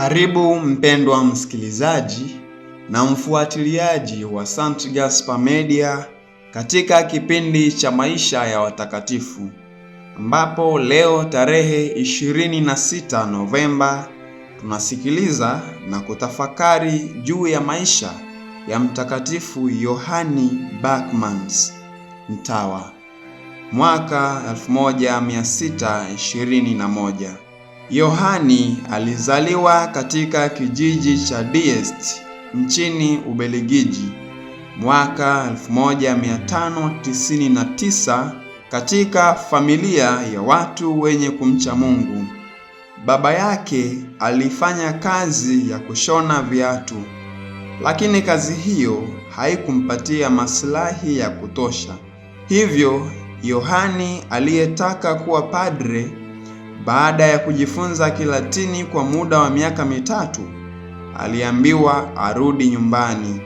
Karibu mpendwa msikilizaji na mfuatiliaji wa St. Gaspar Media katika kipindi cha maisha ya watakatifu ambapo leo tarehe 26 Novemba tunasikiliza na kutafakari juu ya maisha ya Mtakatifu Yohani Backmans mtawa mwaka 1621. Yohani alizaliwa katika kijiji cha Diest nchini Ubelgiji mwaka 1599 katika familia ya watu wenye kumcha Mungu. Baba yake alifanya kazi ya kushona viatu, lakini kazi hiyo haikumpatia maslahi ya kutosha. Hivyo Yohani aliyetaka kuwa padre baada ya kujifunza Kilatini kwa muda wa miaka mitatu, aliambiwa arudi nyumbani.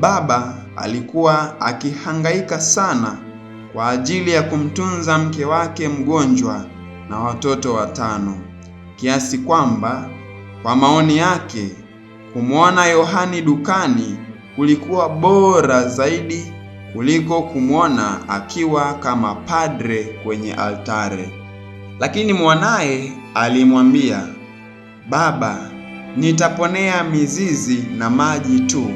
Baba alikuwa akihangaika sana kwa ajili ya kumtunza mke wake mgonjwa na watoto watano, kiasi kwamba kwa maoni yake kumwona Yohani dukani kulikuwa bora zaidi kuliko kumwona akiwa kama padre kwenye altare. Lakini mwanaye alimwambia, Baba, nitaponea mizizi na maji tu,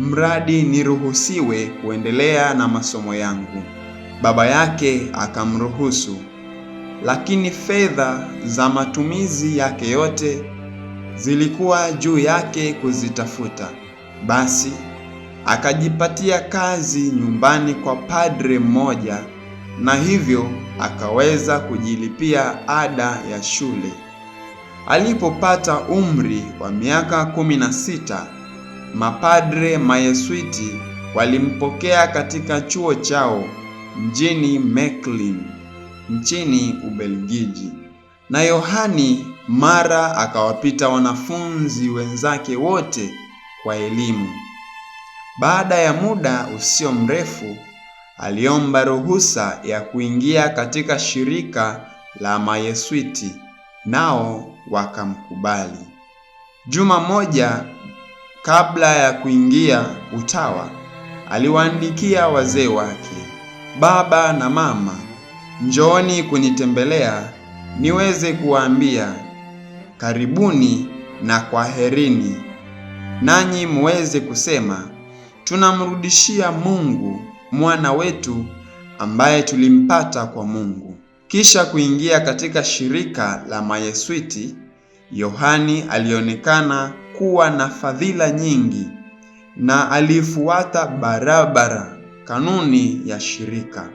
mradi niruhusiwe kuendelea na masomo yangu. Baba yake akamruhusu, lakini fedha za matumizi yake yote zilikuwa juu yake kuzitafuta. Basi akajipatia kazi nyumbani kwa padre mmoja na hivyo akaweza kujilipia ada ya shule. Alipopata umri wa miaka kumi na sita, mapadre Mayeswiti walimpokea katika chuo chao mjini meklin nchini Ubelgiji, na Yohani mara akawapita wanafunzi wenzake wote kwa elimu. Baada ya muda usio mrefu aliomba ruhusa ya kuingia katika shirika la Mayeswiti nao wakamkubali. Juma moja kabla ya kuingia utawa, aliwaandikia wazee wake, baba na mama, njooni kunitembelea niweze kuwaambia karibuni na kwaherini, nanyi muweze kusema tunamrudishia Mungu mwana wetu ambaye tulimpata kwa Mungu. Kisha kuingia katika shirika la Mayeswiti, Yohani alionekana kuwa na fadhila nyingi na alifuata barabara kanuni ya shirika.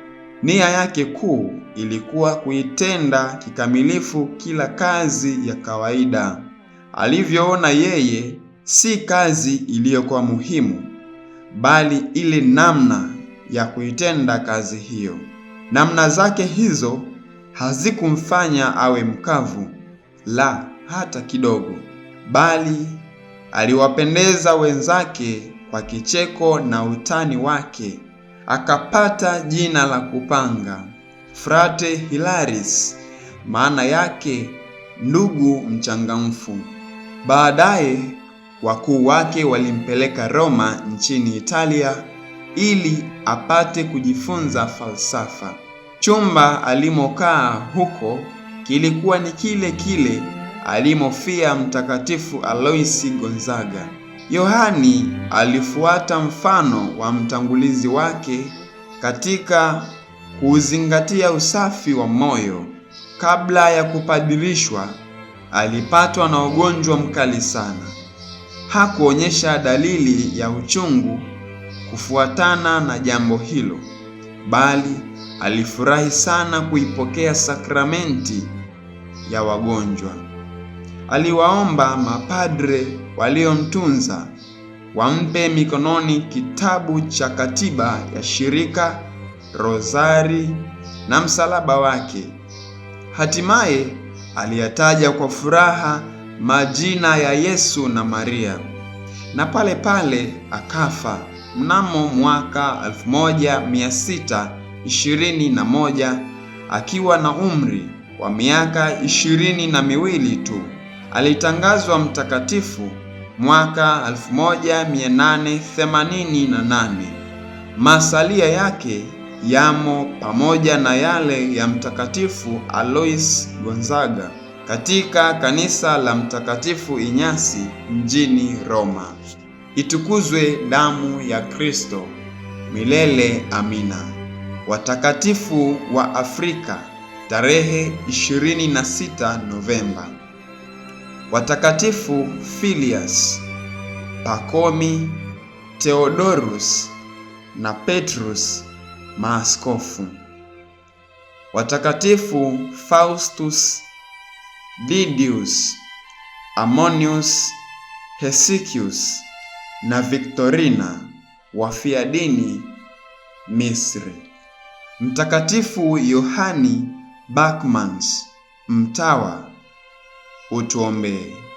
Nia yake kuu ilikuwa kuitenda kikamilifu kila kazi ya kawaida alivyoona yeye, si kazi iliyokuwa muhimu, bali ile namna ya kuitenda kazi hiyo. Namna zake hizo hazikumfanya awe mkavu, la hata kidogo, bali aliwapendeza wenzake kwa kicheko na utani wake, akapata jina la kupanga Frate Hilaris, maana yake ndugu mchangamfu. Baadaye wakuu wake walimpeleka Roma nchini Italia ili apate kujifunza falsafa. Chumba alimokaa huko kilikuwa ni kile kile alimofia Mtakatifu Aloisi Gonzaga. Yohani alifuata mfano wa mtangulizi wake katika kuuzingatia usafi wa moyo. Kabla ya kupadirishwa, alipatwa na ugonjwa mkali sana. Hakuonyesha dalili ya uchungu kufuatana na jambo hilo, bali alifurahi sana kuipokea sakramenti ya wagonjwa. Aliwaomba mapadre waliomtunza wampe mikononi kitabu cha katiba ya shirika, rozari na msalaba wake. Hatimaye aliyataja kwa furaha majina ya Yesu na Maria, na pale pale akafa mnamo mwaka 1621 akiwa na umri wa miaka ishirini na miwili tu. Alitangazwa mtakatifu mwaka 1888. Masalia yake yamo pamoja na yale ya Mtakatifu Alois Gonzaga katika kanisa la Mtakatifu Inyasi mjini Roma. Itukuzwe damu ya Kristo! Milele amina. Watakatifu wa Afrika, tarehe 26 Novemba. Watakatifu Filias, Pakomi, Theodorus na Petrus, maaskofu. Watakatifu Faustus, Didius, Amonius, Hesychius na victorina wafiadini Misri. Mtakatifu Yohani Backmans mtawa, utuombee.